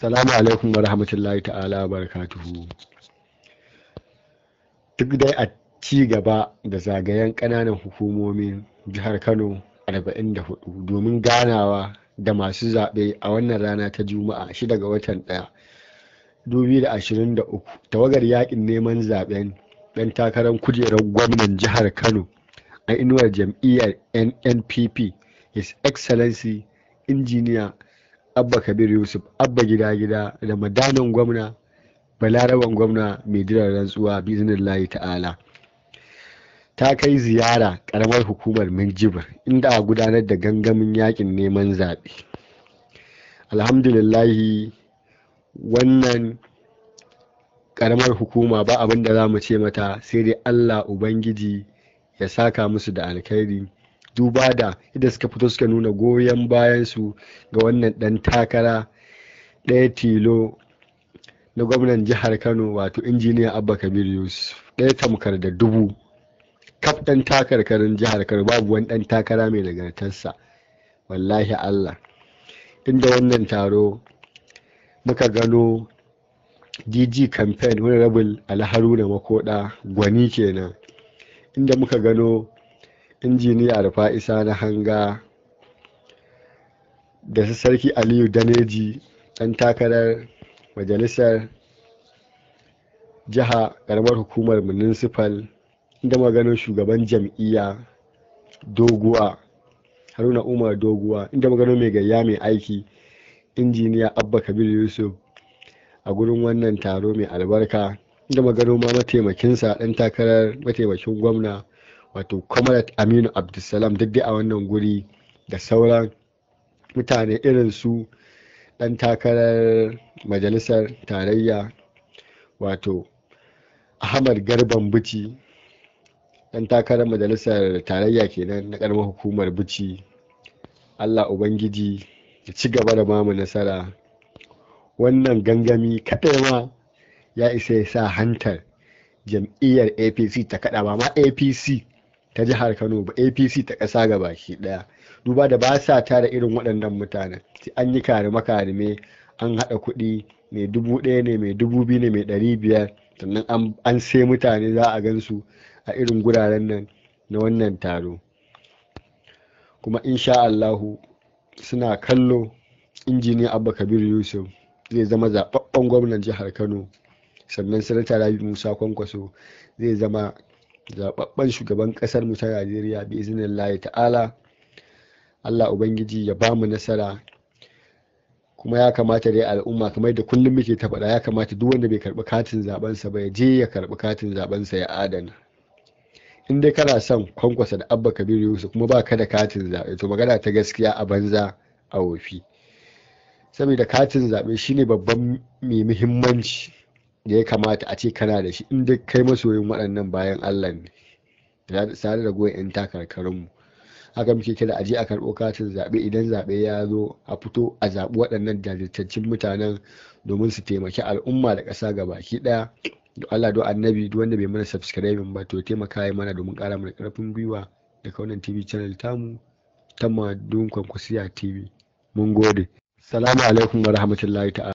Salamu alaikum wa rahmatullahi ta'ala wa barakatuhu. Duk dai a ci gaba da zagayen ƙananan hukumomin jihar Kano 44 domin ganawa da masu zaɓe a wannan rana ta Juma'a 6 ga watan 1 2023 tawagar yaƙin neman zaɓen ɗan takarar kujerar gwamnan jihar Kano a inuwar jam'iyyar NNPP His Excellency Injiniya abba kabir yusuf abba gida gida da madanin gwamna balaraban gwamna mai jiran rantsuwa biznillahi ta'ala ta kai ziyara ƙaramar hukumar minjibir inda a gudanar da gangamin yakin neman zaɓe alhamdulillahi wannan karamar hukuma ba abin da za mu ce mata sai dai allah ubangiji ya saka musu da alkhairi duba da yadda suka fito suka nuna goyon bayan su ga wannan dan takara ɗaya tilo na gwamnan jihar kano wato injiniya abba kabir yusuf ɗaya tamkar da dubu kaf ɗan takarkarin jihar kano babu wani ɗan takara mai nagartarsa wallahi allah inda wannan taro muka gano dg campaign honorable alharuna makoda gwani kenan inda muka gano injiniya fa'isa na hanga da su sarki aliyu daneji ɗan takarar majalisar jiha karamar hukumar municipal inda maganin shugaban jam'iyya doguwa haruna umar doguwa inda maganin mai gayya mai aiki injiniya abba kabir yusuf a gurin wannan taro mai albarka inda maganin ma mataimakinsa ɗan takarar mataimakin gwamna wato comrade aminu abdulsalam duk dai a wannan guri da sauran mutane irin su ɗan takarar majalisar tarayya wato ahmad garban buci ɗan takarar majalisar tarayya kenan na karamar hukumar buci allah ubangiji ya ci gaba da mamu nasara wannan gangami kaɗai ma ya isa ya sa hantar jam'iyyar apc ta kaɗa ba ma apc ta jihar kano ba apc ta ƙasa ga baki ɗaya duba da ba sa tara irin waɗannan mutanen sai an yi karime karime an haɗa kuɗi mai dubu ɗaya ne mai dubu biyu ne mai ɗari biyar sannan an sai mutane za a gansu a irin guraren nan na wannan taro kuma insha allahu suna kallo injiniya abba kabir yusuf zai zama zaɓaɓɓen gwamnan jihar kano sannan sanata rabi musa kwankwaso zai zama zaɓaɓɓen shugaban ƙasar mu ta Najeriya bi iznillahi ta'ala Allah ubangiji ya ba mu nasara kuma ya kamata dai al'umma kamar da kullum muke ta faɗa ya kamata duk wanda bai karɓi katin zaben sa ba ya je ya karɓi katin zaɓensa ya adana in dai kana son kwankwasa da abba kabiru yusuf kuma ba ka da katin zaɓe to magana ta gaskiya a banza a wofi saboda katin zaɓe shine babban mai muhimmanci da ya kamata a ce kana da shi inda kai masoyin waɗannan bayan Allah ne tare da goyon 'yan takarkarinmu haka muke kira aje a karɓo katin zaɓe idan zaɓe ya zo a fito a zaɓi waɗannan jajirtaccen mutanen domin su taimaki al'umma da ƙasa ga baki ɗaya da Allah do annabi duk wanda bai mana subscribing ba to taimaka ya mana domin ƙara mana ƙarfin gwiwa da wannan TV channel tamu ta madun kwankwasiya TV mun gode salamu alaikum wa rahmatullahi ta'ala